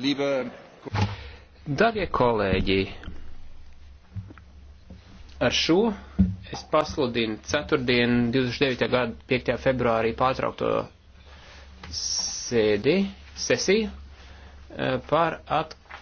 liebe Darbie kolēģi, ar šo es pasludinu ceturtdien, 29. gada 5. februārī pārtraukto sēdi, sesiju eh, par atklājumu.